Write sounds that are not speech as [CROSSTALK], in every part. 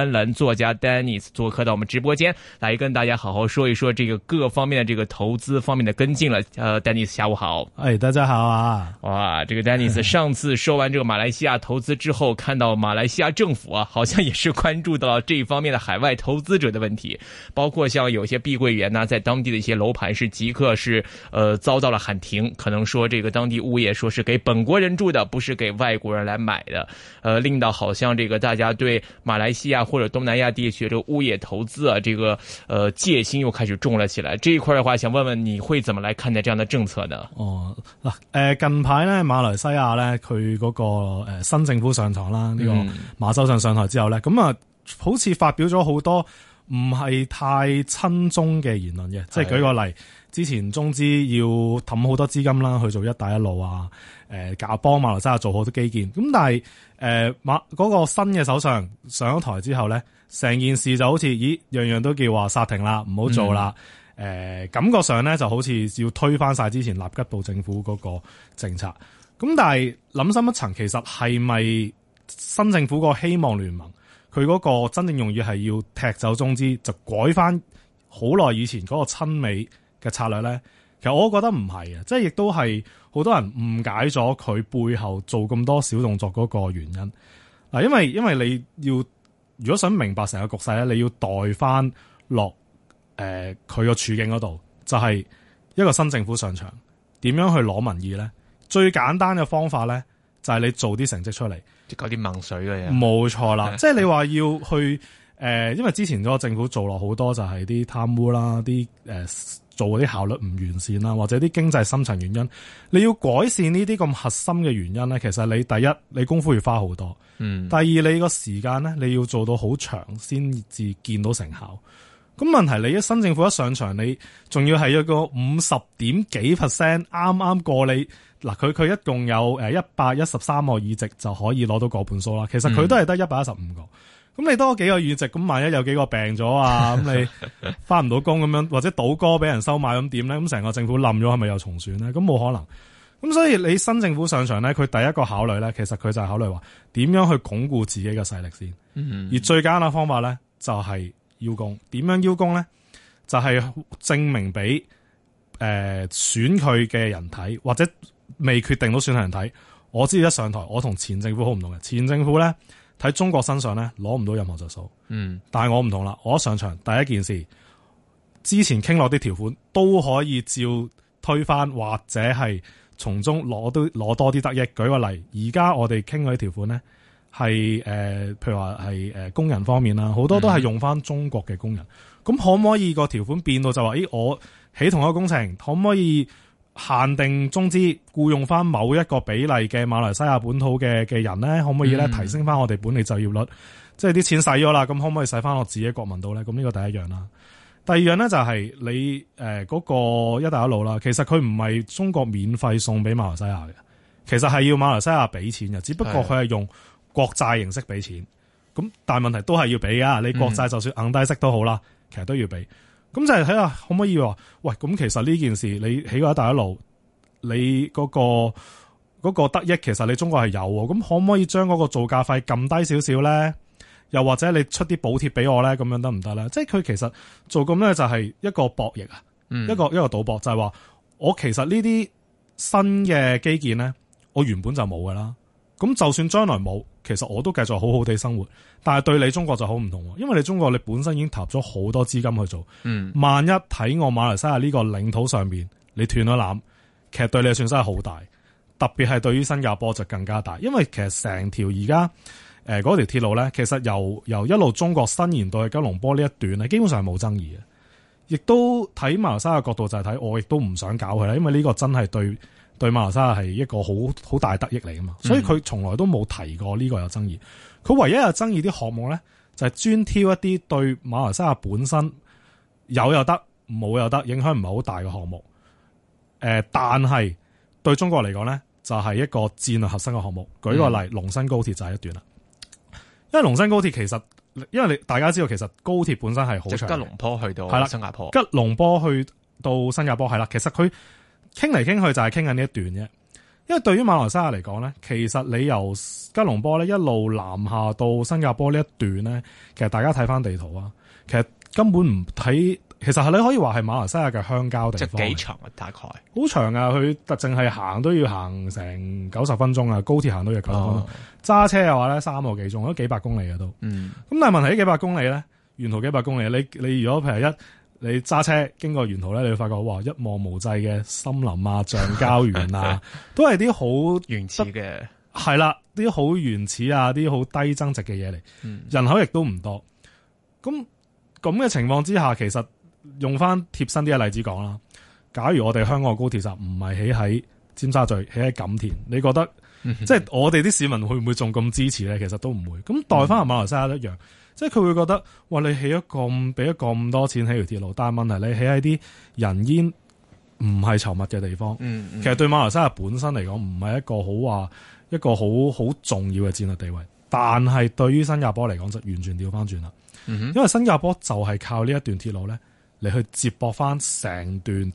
專欄作家丹尼斯做客到我們直播間，來跟大家好好說一說這個各方面的這個投資方面的跟進了。呃，丹尼斯下午好，哎，大家好啊！哇，這個丹尼斯上次說完這個馬來西亞投資之後，看到馬來西亞政府啊，好像也是關注到了這一方面的海外投資者的問題，包括像有些碧桂園呢，在當地的一些樓盤是即刻是呃遭到了喊停，可能說這個當地物業說是給本國人住的，不是給外國人來買的，呃，令到好像這個大家對馬來西亞。或者東南亞地區這個物業投資啊，這個，呃戒心又開始重了起來。這一塊的話，想問問你會怎麼來看待這樣的政策呢？哦，嗱、呃，誒近排呢馬來西亞呢佢嗰、那個誒、呃、新政府上台啦，呢、這個馬洲上上台之後呢咁啊好似發表咗好多唔係太親中嘅言論嘅、嗯，即係舉個例。嗯嗯之前中資要氹好多資金啦，去做一帶一路啊，誒、呃，加幫馬來西亞做好多基建。咁但係馬嗰個新嘅首相上咗台之後咧，成件事就好似咦樣樣都叫話殺停啦，唔好做啦。誒、嗯呃、感覺上咧就好似要推翻晒之前納吉布政府嗰個政策。咁但係諗深一層，其實係咪新政府個希望聯盟佢嗰個真正用意係要踢走中資，就改翻好耐以前嗰個親美？嘅策略咧，其實我覺得唔係啊，即係亦都係好多人誤解咗佢背後做咁多小動作嗰個原因。嗱，因為因為你要如果想明白成個局勢咧，你要代翻落誒佢個處境嗰度，就係、是、一個新政府上場點樣去攞民意咧？最簡單嘅方法咧，就係、是、你做啲成績出嚟，搞啲掹水嘅嘢，冇錯啦。 [LAUGHS] 即係你話要去誒、呃，因為之前個政府做落好多就係啲貪污啦，啲誒。呃做嗰啲效率唔完善啦，或者啲經濟深層原因，你要改善呢啲咁核心嘅原因咧，其實你第一你功夫要花好多，嗯，第二你個時間咧你要做到好長先至見到成效。咁問題你一新政府一上場，你仲要係有一個五十點幾 percent 啱啱過你嗱，佢佢一共有誒一百一十三個議席就可以攞到過半數啦，其實佢都係得一百一十五個。嗯咁你多幾個員值，咁萬一有幾個病咗啊，咁你翻唔到工咁樣，或者倒戈俾人收買咁點咧？咁成個政府冧咗，係咪又重選咧？咁冇可能。咁所以你新政府上場咧，佢第一個考慮咧，其實佢就係考慮話點樣去鞏固自己嘅勢力先。嗯、而最簡單方法咧，就係邀功。點樣邀功咧？就係、是、證明俾誒、呃、選佢嘅人睇，或者未決定到選佢人睇。我知道一上台，我同前政府好唔同嘅。前政府咧。喺中國身上咧，攞唔到任何著數。嗯，但係我唔同啦，我一上場第一件事，之前傾落啲條款都可以照推翻，或者係從中攞攞多啲得益。舉個例，而家我哋傾嗰啲條款咧，係、呃、誒，譬如話係誒工人方面啦，好多都係用翻中國嘅工人，咁、嗯、可唔可以個條款變到就話，誒、欸，我起同一個工程，可唔可以？限定中，中資僱傭翻某一個比例嘅馬來西亞本土嘅嘅人咧，可唔可以咧提升翻我哋本地就業率？嗯、即係啲錢使咗啦，咁可唔可以使翻我自己國民度咧？咁呢個第一樣啦。第二樣咧就係、是、你誒嗰、呃那個一帶一路啦，其實佢唔係中國免費送俾馬來西亞嘅，其實係要馬來西亞俾錢嘅，只不過佢係用國債形式俾錢。咁但係問題都係要俾啊，你國債就算硬低息都好啦，其實都要俾。咁就係睇下可唔可以話，喂，咁其實呢件事你起過一帶一路，你嗰個嗰個得益其實你中國係有喎，咁可唔可以將嗰個造價費撳低少少咧？又或者你出啲補貼俾我咧，咁樣得唔得咧？即係佢其實做咁咧就係一個博弈啊，一、嗯、個一個賭博，就係、是、話我其實呢啲新嘅基建咧，我原本就冇噶啦，咁就算將來冇。其實我都繼續好好地生活，但係對你中國就好唔同，因為你中國你本身已經投入咗好多資金去做。萬一睇我馬來西亞呢個領土上面你斷咗纜，其實對你嘅損失係好大，特別係對於新加坡就更加大，因為其實成條而家誒嗰條鐵路咧，其實由由一路中國伸延到去吉隆坡呢一段咧，基本上係冇爭議嘅。亦都睇馬來西亞角度就係睇我亦都唔想搞佢啦，因為呢個真係對。對馬來西亞係一個好好大得益嚟噶嘛，所以佢從來都冇提過呢個有爭議。佢唯一有爭議啲項目咧，就係專挑一啲對馬來西亞本身有又得、冇又得，影響唔係好大嘅項目。誒，但係對中國嚟講咧，就係一個戰略核心嘅項目。舉個例，嗯嗯、龍新高鐵就係一段啦。因為龍新高鐵其實，因為你大家知道，其實高鐵本身係好長，吉隆坡去到係啦，新加坡，吉隆坡，新加坡，吉隆坡去到新加坡係啦，其實佢。傾嚟傾去就係傾緊呢一段啫，因為對於馬來西亞嚟講咧，其實你由吉隆坡咧一路南下到新加坡呢一段咧，其實大家睇翻地圖啊，其實根本唔睇，其實係你可以話係馬來西亞嘅鄉郊地方。即係幾長啊？大概？好長啊！佢特淨係行都要行成九十分鐘啊，高鐵行都要九十分鐘。揸、哦、車嘅話咧，三個幾鐘，都幾百公里啊都。嗯。咁但係問題幾百公里咧，沿途幾百公里，你你如果譬如一。你揸車經過沿途咧，你會發覺哇，一望無際嘅森林啊、橡膠園啊， [LAUGHS] 都係啲好原始嘅，係啦，啲好原始啊，啲好低增值嘅嘢嚟，人口亦都唔多。咁咁嘅情況之下，其實用翻貼身啲嘅例子講啦，假如我哋香港嘅高鐵站唔係起喺尖沙咀，起喺錦田，你覺得、嗯、即係我哋啲市民會唔會仲咁支持咧？其實都唔會。咁代翻同馬來西亞一樣。嗯一樣即係佢會覺得，哇！你起咗咁，俾咗咁多錢起條鐵路，但係問題你起喺啲人煙唔係稠密嘅地方。嗯，嗯，其實對馬來西亞本身嚟講，唔係一個好話，一個好好重要嘅戰略地位。但係對於新加坡嚟講，就完全調翻轉啦。因為新加坡就係靠呢一段鐵路咧，你去接駁翻成段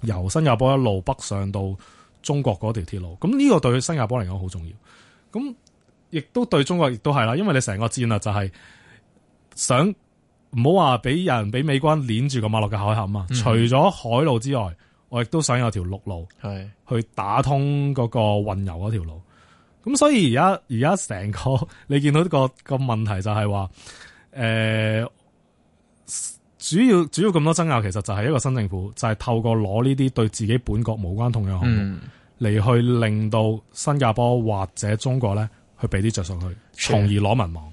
由新加坡一路北上到中國嗰條鐵路。咁呢個對新加坡嚟講好重要。咁亦都對中國亦都係啦，因為你成個戰略就係……想唔好話俾人俾美軍攆住個馬六嘅海峽嘛，嗯？除咗海路之外，我亦都想有條陸路係去打通嗰個運油嗰條路。咁所以而家而家成個你見到嗰個嗰個問題就係話，誒、呃，主要主要咁多爭拗，其實就係一個新政府，就係透過攞呢啲對自己本國無關痛癢嘅項目嚟去令到新加坡或者中國咧去俾啲着數去，從而攞民望。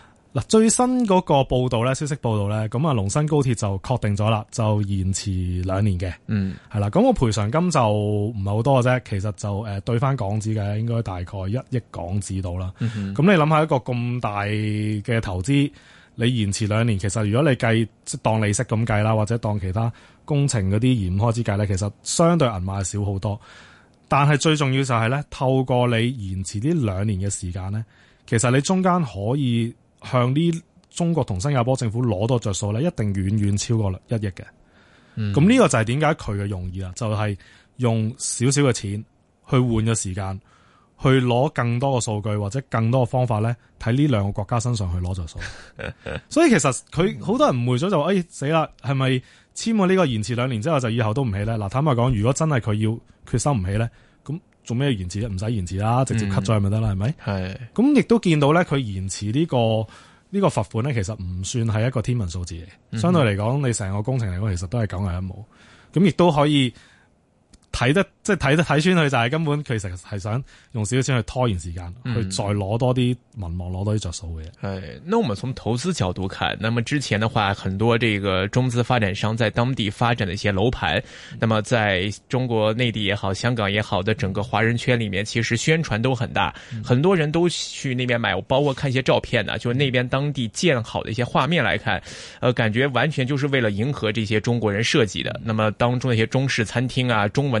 嗱最新嗰個報道咧，消息報道咧，咁啊，龍新高鐵就確定咗啦，就延遲兩年嘅。嗯，係啦，咁、嗰個賠償金就唔係好多嘅啫。其實就誒、呃、兌翻港紙嘅，應該大概一億港紙度啦。咁、嗯、你諗下一個咁大嘅投資，你延遲兩年，其實如果你計當利息咁計啦，或者當其他工程嗰啲延開之計咧，其實相對銀碼係少好多。但係最重要就係咧，透過你延遲呢兩年嘅時間咧，其實你中間可以。向呢中國同新加坡政府攞到着數咧，一定遠遠超過一億嘅。嗯。咁呢個就係點解佢嘅用意啦，就係用少少嘅錢去換咗時間，去攞更多嘅數據或者更多嘅方法咧，喺呢兩個國家身上去攞着數。所以其實佢好多人誤會咗就話，哎，死啦，係咪簽過呢個延遲兩年之後就以後都唔起咧？嗱，坦白講，如果真係佢要決心唔起咧。做咩延遲？唔使延遲啦，直接 cut 咗佢咪得啦，係、嗯、咪？係。咁亦都見到咧、這個，佢延遲呢個呢個罰款咧，其實唔算係一個天文數字，嚟、嗯。相對嚟講，你成個工程嚟講，其實都係九牛一毛。咁亦都可以。睇得即係睇得睇穿佢就係根本其實係想用少少錢去拖延時間、嗯，去再攞多啲民望，攞多啲着數嘅。係，那我們從投資角度看，那麼之前的話，很多這個中資發展商在當地發展的一些樓盤，那麼在中國內地也好，香港也好的整個華人圈裏面，其實宣傳都很大，很多人都去那邊買，包括看一些照片呢、啊，就那邊當地建好的一些畫面來看，呃，感覺完全就是為了迎合這些中國人設計的。那麼當中一些中式餐廳啊，中文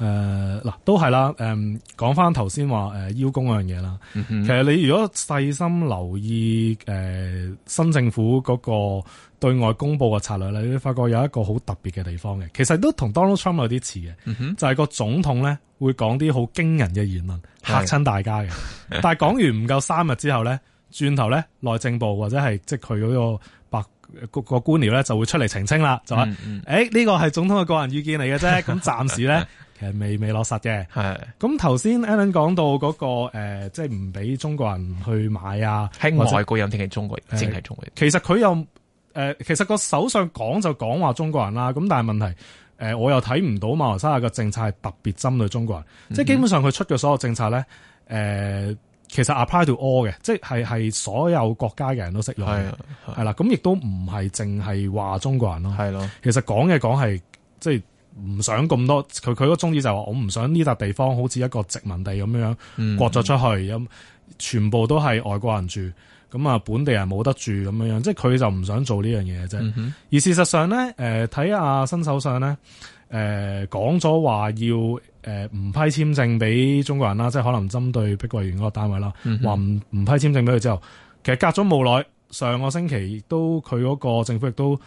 誒、呃、嗱，都係啦。誒講翻頭先話邀功嗰樣嘢啦、嗯。其實你如果細心留意誒、呃、新政府嗰個對外公布嘅策略咧，你會發覺有一個好特別嘅地方嘅。其實都同 Donald Trump 有啲似嘅，就係、是、個總統咧會講啲好驚人嘅言論嚇親大家嘅。 [LAUGHS] 但係講完唔夠三日之後咧，轉頭咧內政部或者係即係佢嗰個白、嗰個官僚咧就會出嚟澄清啦、嗯嗯，就話：誒呢個係總統嘅個人意見嚟嘅啫，咁暫時咧。 [LAUGHS] 誒，未未落實嘅，係。咁頭先 Alan 講到嗰、那個誒，即係唔俾中國人去買啊，係外國人定係中國人？淨、呃、係中國人、呃？其實佢又誒，其實個首相講就講話中國人啦。咁但係問題誒、呃，我又睇唔到馬來西亞個政策係特別針對中國人，嗯嗯，即係基本上佢出嘅所有政策咧，誒、呃，其實 apply to all 嘅，即係係所有國家嘅人都適用。係係啦，咁亦都唔係淨係話中國人咯。係咯，其實講嘅講係即係。唔想咁多，佢佢個宗旨就係話我唔想呢笪地方好似一個殖民地咁樣樣割咗出去，咁、嗯嗯、全部都係外國人住，咁啊本地人冇得住咁樣樣，即係佢就唔想做呢樣嘢啫。而事實上咧，誒睇下新首相咧，誒講咗話要誒唔批簽證俾中國人啦，即係可能針對碧桂園嗰個單位啦，話唔唔批簽證俾佢之後，其實隔咗冇耐，上個星期亦都佢嗰個政府亦都。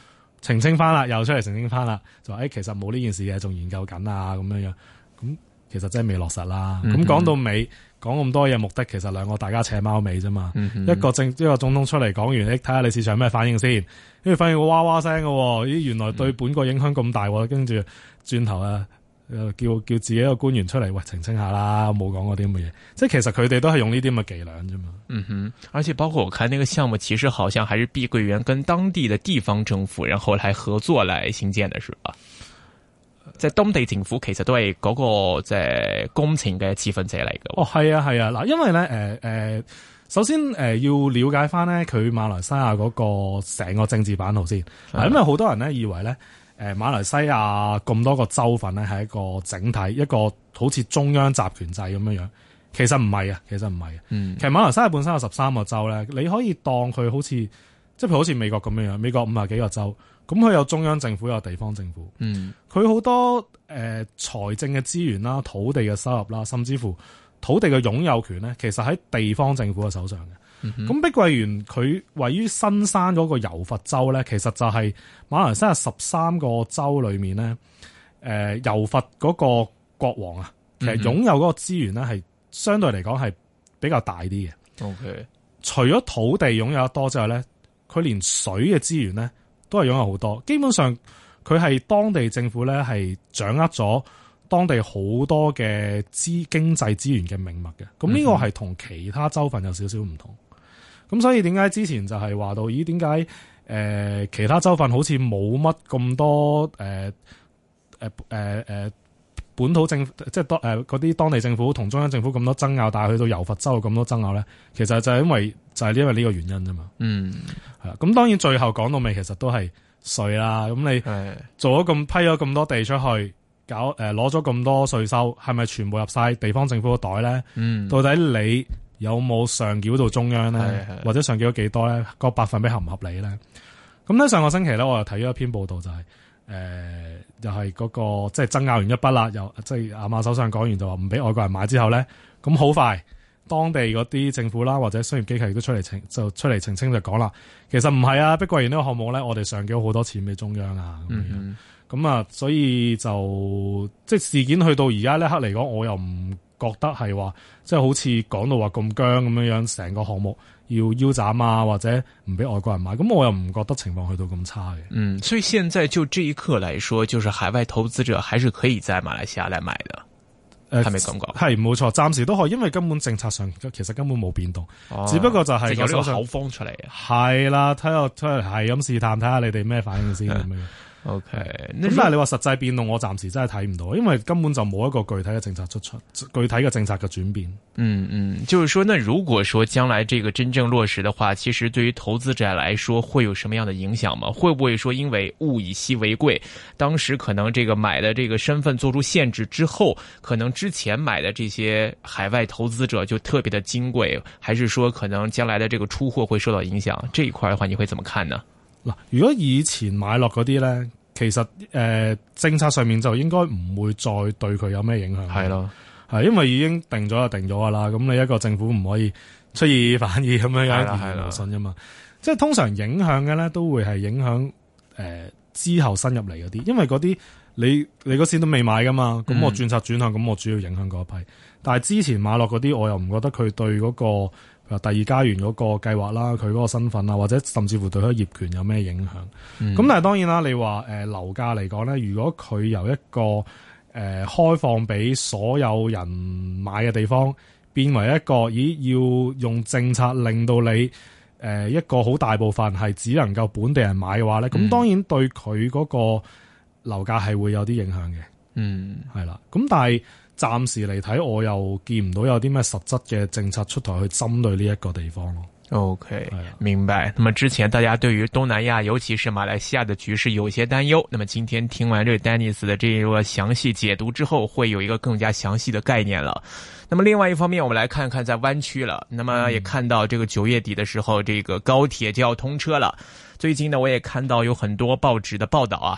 澄清翻啦，又出嚟澄清翻啦，就話，誒，其實冇呢件事嘅，仲研究緊啊，咁樣樣，咁其實真係未落實啦。咁、嗯、講到尾，講咁多嘢目的，其實兩個大家扯貓尾啫嘛、嗯，一個政一個總統出嚟講完，睇下你市場咩反應先，跟住反應個哇哇聲嘅，咦，原來對本國影響咁大，跟住轉頭啊。誒，叫叫自己一個官員出嚟，喂，澄清下啦，冇講過啲咁嘅嘢，即係其實佢哋都係用呢啲咁嘅伎倆啫嘛。嗯哼，而且包括我睇呢個項目，其實好像還是碧桂園跟當地的地方政府，然後來合作來興建的，是吧？即係當地政府其實都係嗰個即係工程嘅持份者嚟嘅。哦，係啊，係啊，嗱，因為咧，誒、呃，誒、呃。首先，誒要了解翻咧，佢馬來西亞嗰個成個政治版圖先。嗱、嗯，因為好多人咧以為咧，誒馬來西亞咁多個州份咧係一個整體，一個好似中央集權制咁樣樣。其實唔係啊，其實唔係啊。嗯，其實馬來西亞本身有十三個州咧，你可以當佢好似即係譬如好似美國咁樣樣，美國五十幾個州，咁佢有中央政府，有地方政府。嗯，佢好多誒財政嘅資源啦、土地嘅收入啦，甚至乎。土地嘅擁有權咧，其實喺地方政府嘅手上嘅。咁、嗯、碧桂園佢位於新山嗰個柔佛州咧，其實就係馬來西亞十三個州裏面咧，誒、呃、游佛嗰個國王啊、嗯，其實擁有嗰個資源咧，係相對嚟講係比較大啲嘅。O.K. 除咗土地擁有得多之外咧，佢連水嘅資源咧都係擁有好多。基本上佢係當地政府咧係掌握咗。當地好多嘅資經濟資源嘅命脈嘅，咁呢個係同其他州份有少少唔同。咁所以點解之前就係話到，咦？點解誒其他州份好似冇乜咁多誒誒誒本土政，即係嗰啲當地政府同中央政府咁多爭拗，但係去到猶佛州咁多爭拗咧？其實就係因為就係因為呢個原因啫嘛。嗯，係啦。咁當然最後講到尾，其實都係稅啦。咁你做咗咁批咗咁多地出去。搞誒攞咗咁多稅收，係咪全部入晒地方政府個袋咧、嗯？到底你有冇上繳到中央咧、嗯嗯？或者上繳咗幾多咧？嗰、那個、百分比合唔合理咧？咁咧上個星期咧，我又睇咗一篇報道、就是呃那個，就係誒又係嗰個即係爭拗完一筆啦，又即係阿馬首相講完就話唔俾外國人買之後咧，咁好快當地嗰啲政府啦或者商業機構亦都出嚟澄就出嚟澄清就講啦，其實唔係啊，碧桂園呢個項目咧，我哋上繳好多錢俾中央啊嗯嗯。咁、嗯、啊，所以就即係事件去到而家呢刻嚟講，我又唔覺得係話即係好似講到話咁僵咁樣樣，成個項目要腰斬啊，或者唔俾外國人買，咁我又唔覺得情況去到咁差嘅。嗯，所以現在就這一刻來說，就是海外投資者還是可以在馬來西亞嚟買的。誒、呃，係咪咁講？係冇錯，暫時都可以，因為根本政策上其實根本冇變動、哦，只不過就係個就有口風出嚟。係啦，睇下睇下係咁試探，睇下你哋咩反應先咁樣。嗯 O K，咁但你話實際變動，我暫時真係睇唔到，因為根本就冇一個具體嘅政策推出，出，具體嘅政策嘅轉變。嗯嗯，就是說，那如果說將來這個真正落實的話，其實對於投資者來說會有什麼樣的影響嗎？會不會說因為物以稀為貴，當時可能這個買的這個身份做出限制之後，可能之前買的這些海外投資者就特別的金貴，還是說可能將來的這個出貨會受到影響？這一塊的話，你會怎麼看呢？嗱，如果以前買落嗰啲咧，其實誒、呃、政策上面就應該唔會再對佢有咩影響，係咯，因為已經定咗就定咗噶啦。咁你一個政府唔可以出爾反爾咁樣，係係信啊嘛。即係通常影響嘅咧，都會係影響誒、呃、之後新入嚟嗰啲，因為嗰啲你你嗰時都未買噶嘛。咁我轉策轉向，咁我主要影響嗰一批。嗯、但係之前買落嗰啲，我又唔覺得佢對嗰、嗰個。第二家園嗰個計劃啦，佢嗰個身份啊，或者甚至乎對佢業權有咩影響？咁、嗯、但係當然啦，你話誒、呃、樓價嚟講呢，如果佢由一個誒、呃、開放俾所有人買嘅地方變為一個咦要用政策令到你誒、呃、一個好大部分係只能夠本地人買嘅話呢，咁、嗯、當然對佢嗰個樓價係會有啲影響嘅。嗯，係啦，咁但係暫時嚟睇，我又見唔到有啲咩實質嘅政策出台去針對呢一個地方咯。OK，明白。那麼之前大家對於東南亞，尤其是馬來西亞的局勢有些擔憂，那麼今天聽完這位 Dennis 的這一個詳細解讀之後，會有一個更加詳細的概念了。那麼另外一方面，我們來看看在灣區了，那麼也看到這個九月底的時候，這個高鐵就要通車了。嗯、最近呢，我也看到有很多報紙的報道啊。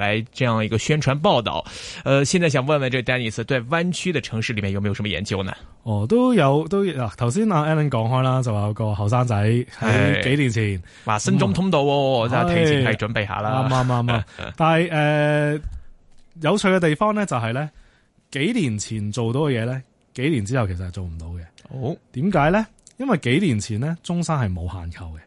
嚟，這樣一個宣傳報道，呃，現在想問問這丹尼斯，對灣區的城市裏面有沒有什麼研究呢？哦，都有，都有。嗱、啊，頭先阿 Alan 講開啦，就話有個後生仔喺幾年前，哇，深中通道、哦、就、嗯哎，提前係準備下啦。啱啱啱啱。 [LAUGHS] 但係誒、呃，有趣嘅地方咧，就係、是、咧，幾年前做到嘅嘢咧，幾年之後其實係做唔到嘅。好、哦，點解咧？因為幾年前咧，中山係冇限購嘅。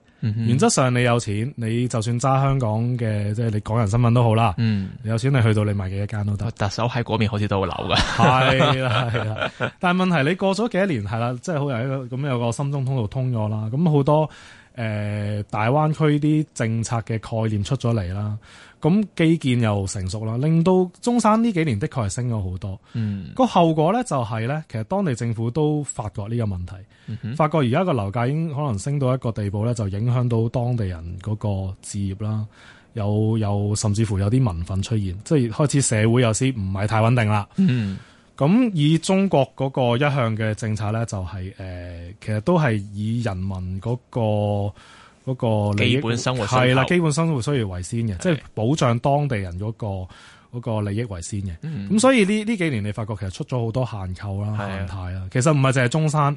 原則上你有錢，你就算揸香港嘅，即係你港人身份都好啦。嗯，有錢你去到你買幾多間都得。特首喺嗰邊好似都有樓嘅，係啦係啦。但係問題你過咗幾多年，係啦，即係好有一個咁有個深中通道通咗啦，咁好多。誒、呃、大灣區啲政策嘅概念出咗嚟啦，咁基建又成熟啦，令到中山呢幾年的確係升咗好多。個、嗯、後果咧就係咧，其實當地政府都發覺呢個問題，嗯、發覺而家個樓價已經可能升到一個地步咧，就影響到當地人嗰個置業啦，有有甚至乎有啲民憤出現，即係開始社會有時唔係太穩定啦。嗯咁以中國嗰個一向嘅政策咧，就係、是、誒、呃，其實都係以人民嗰、那個嗰、那個利益基本生活係啦，基本生活需要為先嘅，即係、就是、保障當地人嗰、那個嗰、那個、利益為先嘅。咁、嗯、所以呢呢幾年你發覺其實出咗好多限購啦、限貸啦，其實唔係淨係中山。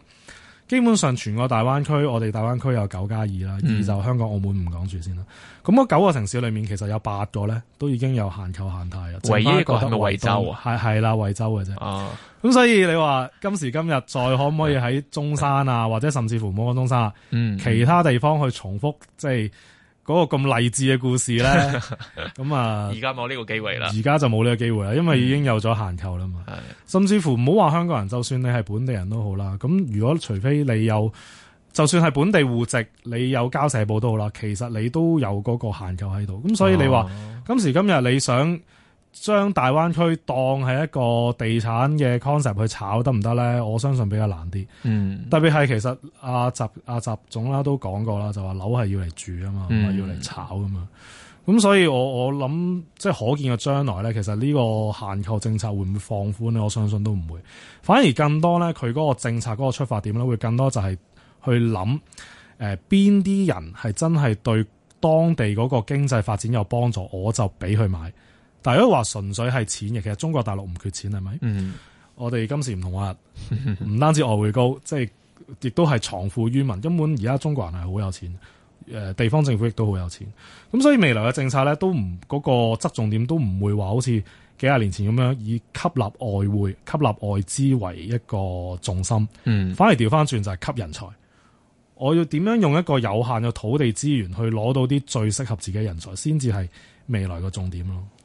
基本上全個大灣區，我哋大灣區有九加二啦，二就香港、澳門唔講住先啦。咁、嗯、九個城市裏面，其實有八個咧，都已經有限購、限貸啦。唯一一個係咪惠州、啊，係係啦，惠州嘅啫。咁、啊、所以你話今時今日再可唔可以喺中山啊，或者甚至乎唔好講中山啊，嗯、其他地方去重複即係。嗰、那個咁勵志嘅故事呢，咁 [LAUGHS] 啊，而家冇呢個機會啦。而家就冇呢個機會啦，因為已經有咗限購啦嘛、嗯。甚至乎唔好話香港人，就算你係本地人都好啦。咁如果除非你有，就算係本地戶籍，你有交社保都好啦，其實你都有嗰個限購喺度。咁所以你話、哦、今時今日你想，將大灣區當係一個地產嘅 concept 去炒得唔得咧？我相信比較難啲。嗯，特別係其實阿、啊、習阿、啊、習總啦都講過啦，就話樓係要嚟住啊嘛，唔係要嚟炒啊嘛。咁、嗯、所以我我諗即係可見嘅將來咧，其實呢個限購政策會唔會放寬咧？我相信都唔會，反而更多咧佢嗰個政策嗰個出發點咧，會更多就係去諗誒邊啲人係真係對當地嗰個經濟發展有幫助，我就俾佢買。大家話純粹係錢嘅，其實中國大陸唔缺錢，係咪？嗯，我哋今時唔同往日，唔單止外匯高， [LAUGHS] 即係亦都係藏富於民。根本而家中國人係好有錢，誒地方政府亦都好有錢。咁所以未來嘅政策咧，都唔嗰、嗰個側重點都唔會話好似幾廿年前咁樣，以吸納外匯、吸納外資為一個重心。嗯，反而調翻轉就係吸人才。我要點樣用一個有限嘅土地資源去攞到啲最適合自己人才，先至係未來嘅重點咯。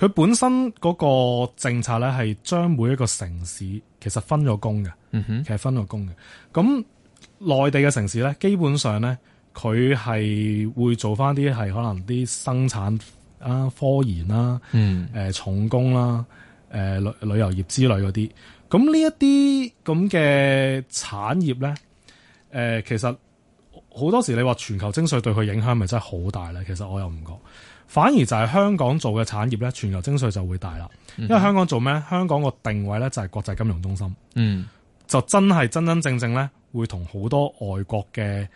佢本身嗰個政策咧，係將每一個城市其實分咗工嘅，其實分咗工嘅。咁、嗯、內地嘅城市咧，基本上咧，佢係會做返啲係可能啲生產啊、科研啦、嗯、呃、重工啦、誒、呃、旅旅遊業之類嗰啲。咁呢一啲咁嘅產業咧、呃，其實好多時你話全球徵稅對佢影響咪真係好大咧？其實我又唔覺。反而就係香港做嘅產業呢，全球徵稅就會大啦。因為香港做咩？香港個定位呢，就係國際金融中心，就真係真真正正呢，會同好多外國嘅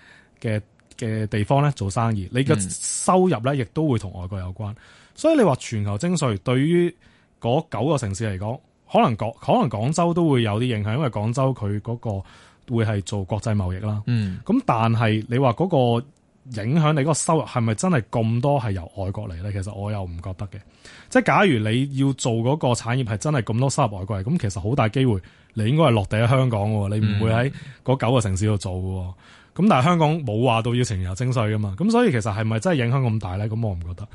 嘅嘅地方呢做生意。你嘅收入呢，亦都會同外國有關。所以你話全球徵稅對於嗰九個城市嚟講可，可能廣可能廣州都會有啲影響，因為廣州佢嗰個會係做國際貿易啦。咁、嗯、但係你話嗰、嗰個影響你嗰個收入係咪真係咁多係由外國嚟咧？其實我又唔覺得嘅。即係假如你要做嗰個產業係真係咁多收入外國嚟，咁其實好大機會你應該係落地喺香港喎。你唔會喺嗰九個城市度做喎。咁但係香港冇話到要全球徵稅噶嘛？咁所以其實係咪真係影響咁大咧？咁我唔覺得。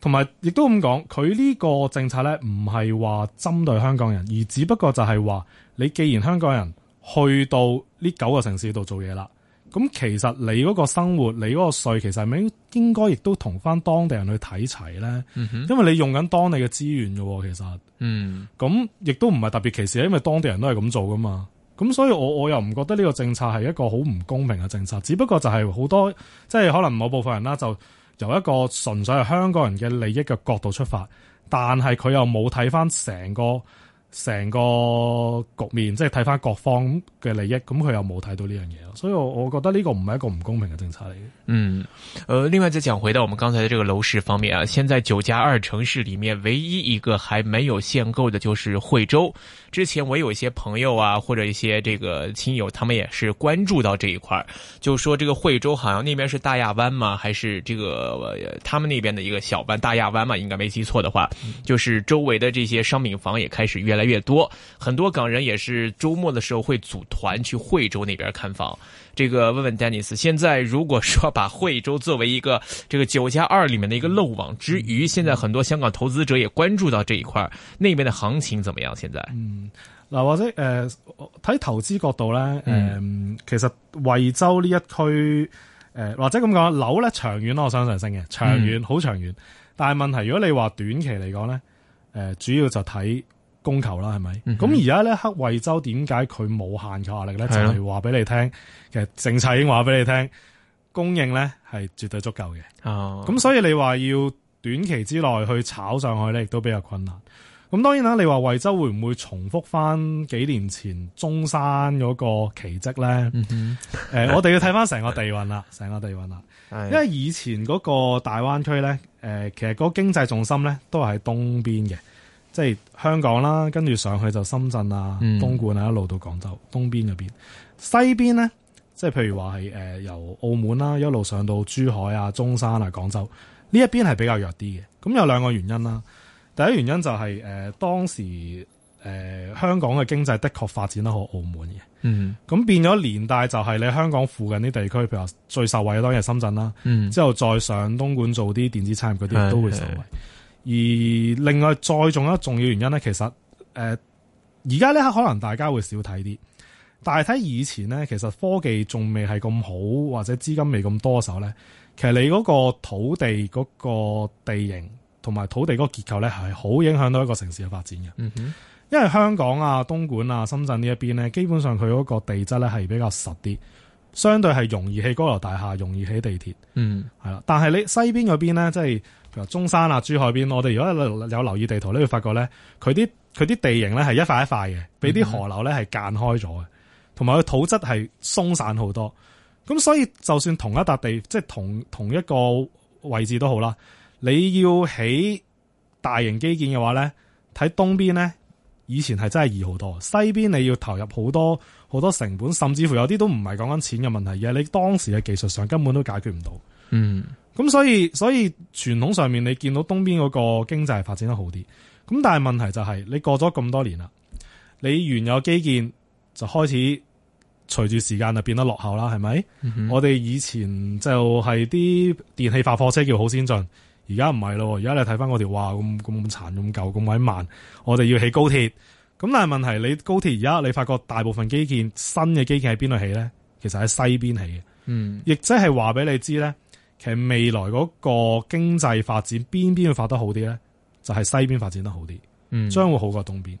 同埋亦都咁講，佢呢個政策咧唔係話針對香港人，而只不過就係話你既然香港人去到呢九個城市度做嘢啦。咁其實你嗰個生活，你嗰個稅其實係咪應應該亦都同翻當地人去睇齊咧？嗯，因為你用緊當地嘅資源嘅，其實，咁亦都唔係特別歧視，因為當地人都係咁做㗎嘛。咁所以我我又唔覺得呢個政策係一個好唔公平嘅政策，只不過就係好多即係可能某部分人啦，就由一個純粹係香港人嘅利益嘅角度出發，但係佢又冇睇翻成個。成個局面，即係睇翻各方嘅利益，咁佢又冇睇到呢樣嘢，所以我我覺得呢個唔係一個唔公平嘅政策嚟嘅。嗯，呃，另外再講回到我們剛才的這個樓市方面啊，現在九加二城市裏面唯一一個還沒有限購的，就是惠州。之前我有一些朋友啊，或者一些這個親友，他們也是關注到這一塊，就說這個惠州好像那邊是大亞灣嘛，還是這個、呃、他們那邊的一個小灣，大亞灣嘛？應該沒記錯的話，嗯、就是周圍的這些商品房也開始越嚟越來越多，很多港人也是周末的時候會組團去惠州那邊看房。這個問問 Dennis，n 現在如果說把惠州作為一個這個九加二裏面的一個漏網之魚，現在很多香港投資者也關注到這一塊，那邊的行情怎麼樣？現在，嗯，嗱或者誒睇、呃、投資角度呢，誒、呃、其實惠州呢一區誒、呃、或者咁講，樓呢，長遠我相信上升嘅，長遠好長遠，長遠嗯、但係問題如果你話短期嚟講呢，誒、呃、主要就睇。供求啦，係咪？咁而家呢黑惠州點解佢冇限購壓力咧、啊？就係話俾你聽，其實政策已經話俾你聽，供應咧係絕對足夠嘅。哦，咁所以你話要短期之內去炒上去咧，亦都比較困難。咁當然啦、啊，你話惠州會唔會重複翻幾年前中山嗰個奇蹟咧、嗯呃？我哋要睇翻成個地運啦，成 [LAUGHS] 個地運啦、啊。因為以前嗰個大灣區咧、呃，其實嗰經濟重心咧都係喺東邊嘅。即係香港啦，跟住上去就深圳啊、嗯、東莞啊，一路到廣州東邊嗰邊，西邊呢，即係譬如話係誒由澳門啦，一路上到珠海啊、中山啊、廣州呢一邊係比較弱啲嘅。咁有兩個原因啦，第一原因就係、是、誒、呃、當時誒、呃、香港嘅經濟的確發展得好澳門嘅，嗯，咁變咗年代就係你香港附近啲地區，譬如話最受惠嘅當然係深圳啦，嗯、之後再上東莞做啲電子產業嗰啲都會受惠、嗯。而另外再仲有一重要原因咧，其實誒，而家呢刻可能大家會少睇啲，但係睇以前咧，其實科技仲未係咁好，或者資金未咁多手咧，其實你嗰個土地嗰個地形同埋土地嗰個結構咧，係好影響到一個城市嘅發展嘅。嗯哼，因為香港啊、東莞啊、深圳呢一邊咧，基本上佢嗰個地質咧，係比較實啲，相對係容易起高樓大廈，容易起地鐵。嗯，係啦，但係你西邊嗰邊咧，即係。譬如中山啊、珠海邊，我哋如果有留意地圖咧，會發覺咧，佢啲佢啲地形咧係一塊一塊嘅，俾啲河流咧係間開咗嘅，同埋個土質係鬆散好多。咁所以就算同一笪地，即係同同一個位置都好啦，你要起大型基建嘅話咧，睇東邊咧以前係真係易好多，西邊你要投入好多好多成本，甚至乎有啲都唔係講緊錢嘅問題，而係你當時嘅技術上根本都解決唔到。嗯，咁所以所以傳統上面你見到東邊嗰個經濟發展得好啲，咁但係問題就係、是、你過咗咁多年啦，你原有基建就開始隨住時間就變得落後啦，係咪、嗯？我哋以前就係啲電器發貨車叫好先進，而家唔係咯，而家你睇翻嗰條哇，咁咁殘咁舊咁鬼慢，我哋要起高鐵，咁但係問題你高鐵而家你發覺大部分基建新嘅基建喺邊度起咧？其實喺西邊起嘅，嗯，亦即係話俾你知咧。其實未來嗰個經濟發展邊邊會發得好啲咧？就係、是、西邊發展得好啲，嗯，將會好過東邊。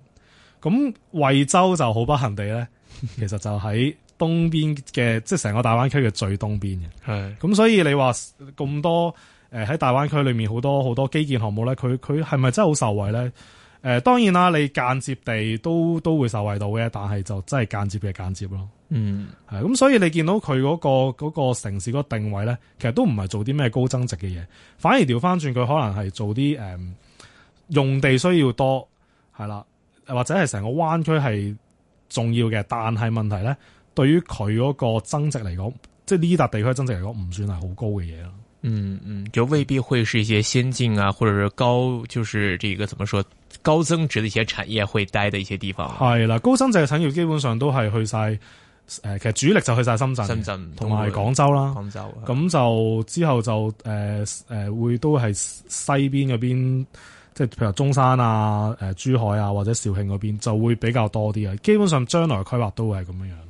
咁、嗯、惠州就好不幸地咧，其實就喺東邊嘅， [LAUGHS] 即係成個大灣區嘅最東邊嘅。係。咁所以你話咁多喺、呃、大灣區裏面好多好多基建項目咧，佢佢係咪真係好受惠咧？誒、呃、當然啦，你間接地都都會受惠到嘅，但係就真係間接嘅間接咯。嗯，係咁，所以你見到佢嗰、嗰個嗰、嗰個城市嗰個定位咧，其實都唔係做啲咩高增值嘅嘢，反而調翻轉佢可能係做啲誒、嗯、用地需要多係啦，或者係成個灣區係重要嘅。但係問題咧，對於佢嗰個增值嚟講，即係呢笪地區增值嚟講，唔算係好高嘅嘢啦。嗯嗯，就未必會是一些先進啊，或者高，就是這個怎麼說高增值的一些產業會待的一些地方啊。係啦，高增值嘅產業基本上都係去晒。誒其實主力就去晒深圳，深圳同埋廣州啦。廣州咁就之後就誒誒、呃呃、會都係西邊嗰邊即係譬如中山啊、誒珠海啊或者肇慶嗰邊就會比較多啲啊，基本上將來規劃都會係咁樣樣。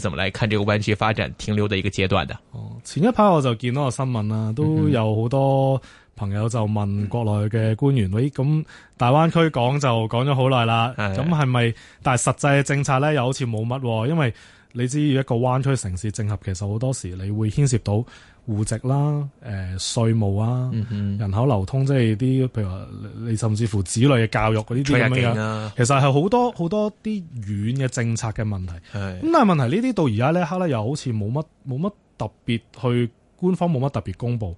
怎麼來看這個灣區發展停留的一個階段的？哦，前一排我就見到個新聞啦、啊，都有好多朋友就問國內嘅官員，喂、嗯，咁大灣區講就講咗好耐啦，咁係咪？但係實際嘅政策咧又好似冇乜喎，因為。你知一個灣區城市整合，其實好多時你會牽涉到戶籍啦、誒、呃、稅務啊、嗯、人口流通，即係啲譬如話你甚至乎子女嘅教育嗰啲啲咁其實係好多好多啲軟嘅政策嘅問題。咁但係問題呢啲到而家咧，刻咧又好似冇乜冇乜特別去官方冇乜特別公布，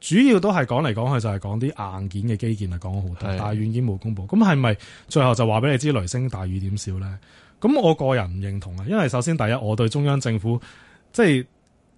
主要都係講嚟講去就係、是、講啲硬件嘅基建係講好多，但係軟件冇公布。咁係咪最後就話俾你知雷聲大雨點小咧？咁我個人唔認同啊，因為首先第一，我對中央政府即係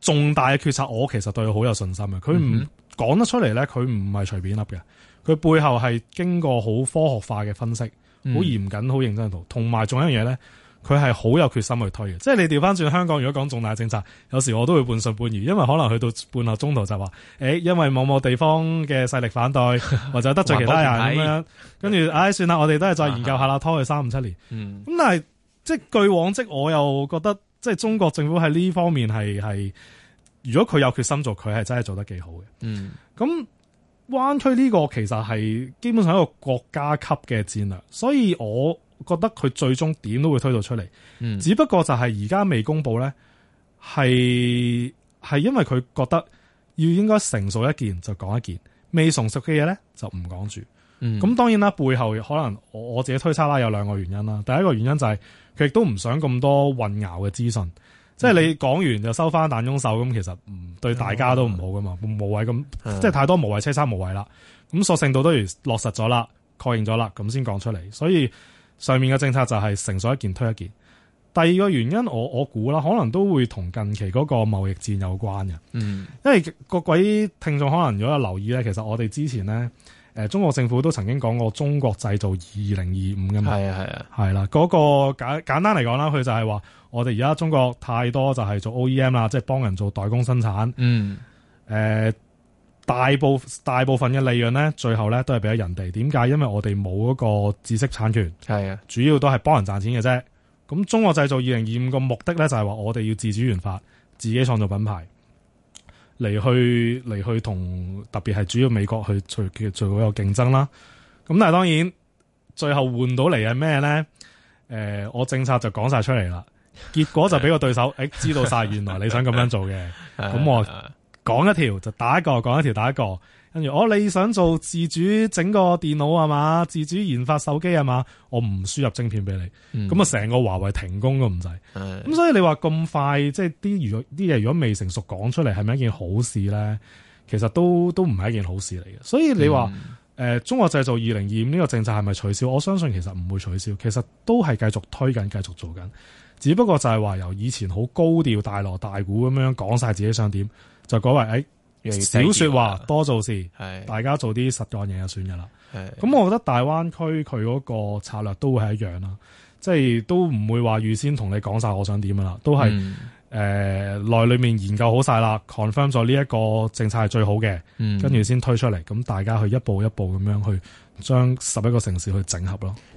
重大嘅決策，我其實對佢好有信心啊。佢唔講得出嚟咧，佢唔係隨便諗嘅。佢背後係經過好科學化嘅分析，好嚴謹、好認真、嗯、同埋仲有一樣嘢咧，佢係好有決心去推嘅。即係你調翻轉香港，如果講重大政策，有時我都會半信半疑，因為可能去到半路中途就話：，誒、欸，因為某某地方嘅勢力反對，或者得罪其他人咁 [LAUGHS] 樣，跟住，唉、哎，算啦，我哋都係再研究下啦，拖去三五七年。咁、嗯、但係。即係據往績，我又覺得即係中國政府喺呢方面係係，如果佢有決心做，佢係真係做得幾好嘅。嗯，咁灣區呢個其實係基本上一個國家級嘅戰略，所以我覺得佢最終點都會推到出嚟。嗯。只不過就係而家未公布呢，係係因為佢覺得要應該成熟一件就講一件，未成熟嘅嘢呢，就唔講住。咁、嗯、當然啦，背後可能我我自己推測啦，有兩個原因啦。第一個原因就係佢亦都唔想咁多混淆嘅資訊，即係你講完就收翻彈弓手咁，其實唔對大家都唔好噶嘛，嗯、無謂咁、嗯、即係太多無謂扯差無謂啦。咁、嗯、索性到都如落實咗啦，確認咗啦，咁先講出嚟。所以上面嘅政策就係成熟一件推一件。第二個原因我我估啦，可能都會同近期嗰個貿易戰有關嘅。嗯，因為各位聽眾可能如果有留意咧，其實我哋之前咧。誒，中國政府都曾經講過中國製造二零二五㗎嘛，係啊係啊，係啦，嗰、嗯、那個簡簡單嚟講啦，佢就係話我哋而家中國太多就係做 OEM 啦，即、就、係、是、幫人做代工生產，嗯、呃，誒大部大部分嘅利潤咧，最後咧都係俾咗人哋。點解？因為我哋冇嗰個知識產權，係啊，主要都係幫人賺錢嘅啫。咁中國製造二零二五個目的咧，就係、是、話我哋要自主研發，自己創造品牌。嚟去嚟去同特別係主要美國去做一個競爭啦，咁但係當然最後換到嚟係咩咧？誒、呃，我政策就講晒出嚟啦，結果就俾個對手誒、 [LAUGHS] 欸、知道晒。原來你想咁樣做嘅，咁、 [LAUGHS] 嗯、我講一條就打一個，講一條打一個。跟住哦你想做自主整個電腦係嘛，自主研發手機係嘛，我唔輸入晶片俾你，咁啊成個華為停工都唔制，咁所以你話咁快即係啲如果啲嘢如果未成熟講出嚟，係咪一件好事咧？其實都都唔係一件好事嚟嘅。所以你話誒、嗯呃，中國製造二零二五呢個政策係咪取消？我相信其實唔會取消，其實都係繼續推緊，繼續做緊，只不過就係話由以前好高調大鑼大鼓咁樣講晒自己想點，就改為誒。欸少說話，多做事。係大家做啲實際嘢就算噶啦。係咁，我覺得大灣區佢嗰個策略都會係一樣啦。即係都唔會話預先同你講晒我想點噶啦，都係誒內裏面研究好晒啦，confirm 咗呢一個政策係最好嘅，嗯，跟住先推出嚟。咁大家去一步一步咁樣去將十一個城市去整合咯。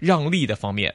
讓利的方面。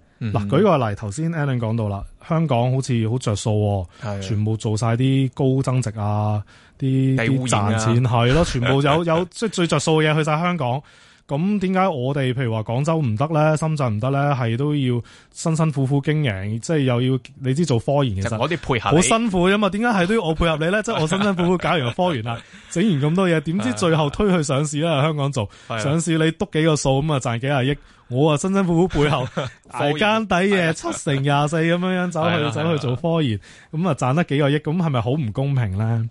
嗱、嗯，舉個例，頭先 Alan 講到啦，香港好似好著數，全部做晒啲高增值啊，啲賺錢係咯，全部有有即係最著數嘅嘢去晒香港。咁點解我哋譬如話廣州唔得咧，深圳唔得咧，係都要辛辛苦苦經營，即、就、係、是、又要你知做科研其實、就是、我啲配合好辛苦啊嘛。點解係都要我配合你咧？即 [LAUGHS] 係我辛辛苦苦搞完個 [LAUGHS] 科研啦，整完咁多嘢，點知最後推去上市咧？ [LAUGHS] 香港做上市你篤幾個數咁啊，賺幾廿億。我啊辛辛苦苦背後挨更抵夜七乘廿四咁樣樣走去走去做科研，咁啊賺得幾個億，咁係咪好唔公平咧？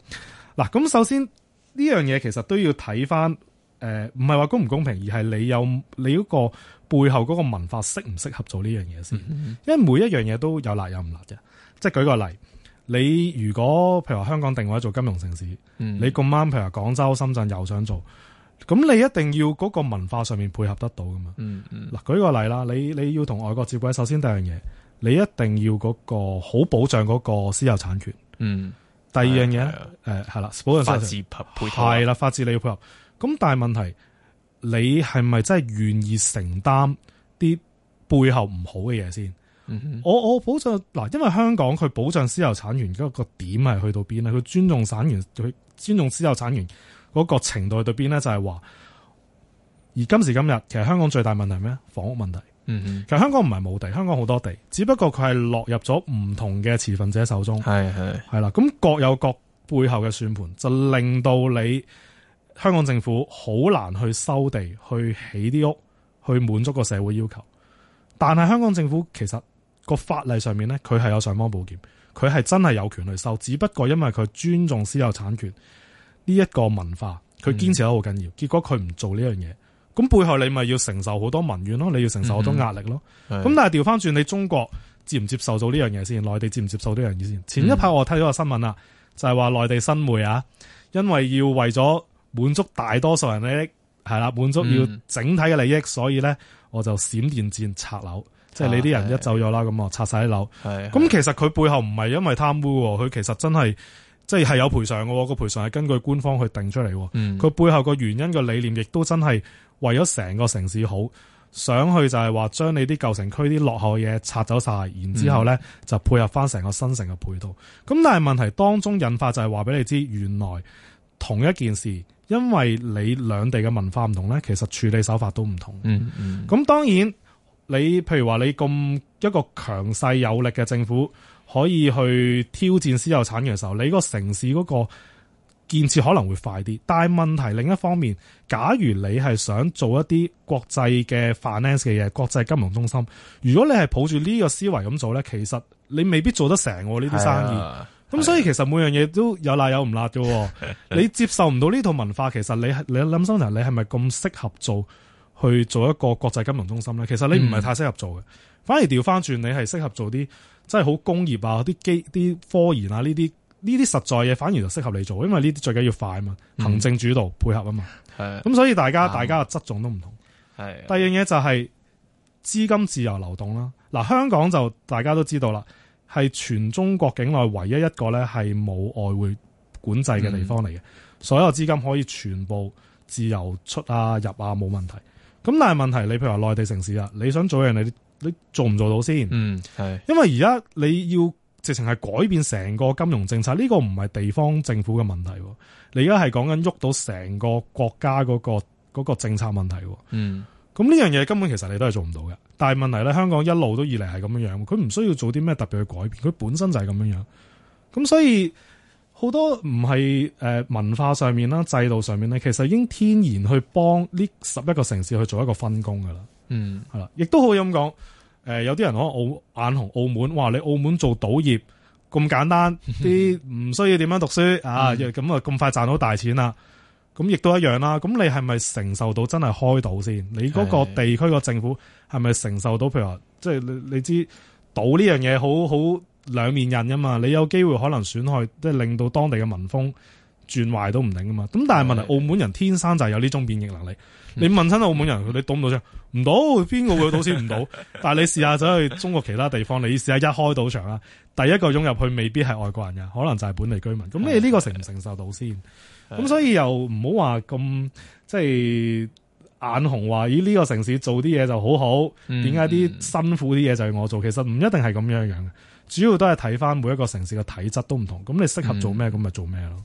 嗱，咁首先呢樣嘢其實都要睇返，誒唔係話公唔公平，而係你有你嗰個背後嗰個文化適唔適合做呢樣嘢先，因為每一樣嘢都有辣有唔辣嘅，即係舉個例，你如果譬如話香港定位做金融城市，你咁啱譬如話廣州、深圳又想做。咁你一定要嗰個文化上面配合得到噶嘛？嗯嗯。嗱，舉個例啦，你你要同外國接軌，首先第一樣嘢，你一定要嗰個好保障嗰個私有產權。嗯。第二樣嘢咧，誒係啦，保障私有產權。法治配合。係啦，法治你要配合。咁但係問題，你係咪真係願意承擔啲背後唔好嘅嘢先？嗯，我我保障嗱，因為香港佢保障私有產權嗰個點係去到邊咧？佢尊重產權，佢尊重私有產權。嗰、那個程度去到邊呢，就係話，而今時今日，其實香港最大問題係咩？房屋問題。嗯嗯。其實香港唔係冇地，香港好多地，只不過佢係落入咗唔同嘅持份者手中。係係啦。咁各有各背後嘅算盤，就令到你香港政府好難去收地，去起啲屋，去滿足個社會要求。但係香港政府其實個法例上面呢，佢係有尚方寶劍，佢係真係有權去收，只不過因為佢尊重私有產權。呢、這、一個文化，佢堅持得好緊要，嗯、結果佢唔做呢樣嘢，咁背後你咪要承受好多民怨咯，你要承受好多壓力咯。咁、嗯、但係調翻轉，你中國接唔接受到呢樣嘢先？內地接唔接受呢樣嘢先？前一排我睇到個新聞啦，就係、是、話內地新媒啊，因為要為咗滿足大多數人利益，係啦，滿足要整體嘅利益，所以呢，我就閃電戰拆樓，即、啊、係你啲人一走咗啦，咁我拆晒啲樓。咁其實佢背後唔係因為貪污，佢其實真係。即係有賠償嘅，個賠償係根據官方去定出嚟。佢、嗯、背後個原因個理念，亦都真係為咗成個城市好，想去就係話將你啲舊城區啲落後嘢拆走晒，然之後呢、嗯、就配合翻成個新城嘅配套。咁但係問題當中引發就係話俾你知，原來同一件事，因為你兩地嘅文化唔同呢，其實處理手法都唔同。嗯嗯。咁當然你譬如話你咁一個強勢有力嘅政府。可以去挑戰私有產業嘅時候，你個城市嗰個建設可能會快啲。但係問題另一方面，假如你係想做一啲國際嘅 finance 嘅嘢，國際金融中心，如果你係抱住呢個思維咁做呢，其實你未必做得成呢啲生意。咁、啊、所以其實每樣嘢都有辣有唔辣嘅、啊。你接受唔到呢套文化， [LAUGHS] 其實你係你諗深層，你係咪咁適合做去做一個國際金融中心呢？其實你唔係太適合做嘅、嗯，反而調翻轉，你係適合做啲。真係好工業啊！啲機啲科研啊，呢啲呢啲實在嘢，反而就適合你做，因為呢啲最緊要快啊嘛、嗯，行政主導配合啊嘛。咁所以大家大家嘅側重都唔同。第二樣嘢就係資金自由流動啦。嗱、啊，香港就大家都知道啦，係全中國境內唯一一個咧係冇外匯管制嘅地方嚟嘅、嗯，所有資金可以全部自由出啊入啊冇問題。咁但係問題，你譬如話內地城市啊，你想做人哋。你做唔做到先？嗯，係，因為而家你要直情係改變成個金融政策，呢個唔係地方政府嘅問題。你而家係講緊喐到成個國家嗰個嗰個政策問題。嗯，咁呢樣嘢根本其實你都係做唔到嘅。但係問題咧，香港一路都以嚟係咁樣，佢唔需要做啲咩特別去改變，佢本身就係咁樣。咁所以好多唔係誒文化上面啦、制度上面咧，其實已經天然去幫呢十一個城市去做一個分工噶啦。嗯，係啦，亦都可以咁講，誒，有啲人可能澳眼紅澳門，哇！你澳門做賭業咁簡單，啲唔需要點樣讀書、嗯、啊，咁啊咁快賺到大錢啦，咁亦都一樣啦。咁你係咪承受到真係開賭先？你嗰個地區個政府係咪承受到？譬如話，即係你你知賭呢樣嘢好好兩面人啊嘛，你有機會可能損害，即係令到當地嘅民風。轉壞都唔定㗎嘛？咁但係問題，澳門人天生就係有呢種變異能力。嗯、你問親澳門人，佢你賭唔賭場？唔到，邊個會賭先唔到？ [LAUGHS] 但係你試下走去中國其他地方，你試下一開賭場啦，第一個湧入去未必係外國人㗎，可能就係本地居民。咁你呢個承唔承受到先？咁所以又唔好話咁即係眼紅話咦？呢、這個城市做啲嘢就好好，點解啲辛苦啲嘢就係我做？其實唔一定係咁樣樣嘅，主要都係睇翻每一個城市嘅體質都唔同。咁你適合做咩咁咪做咩咯？嗯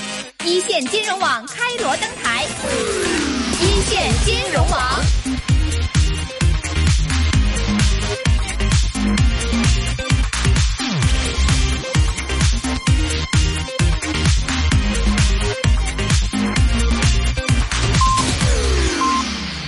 一線金融網開鑼登台，一線金融網。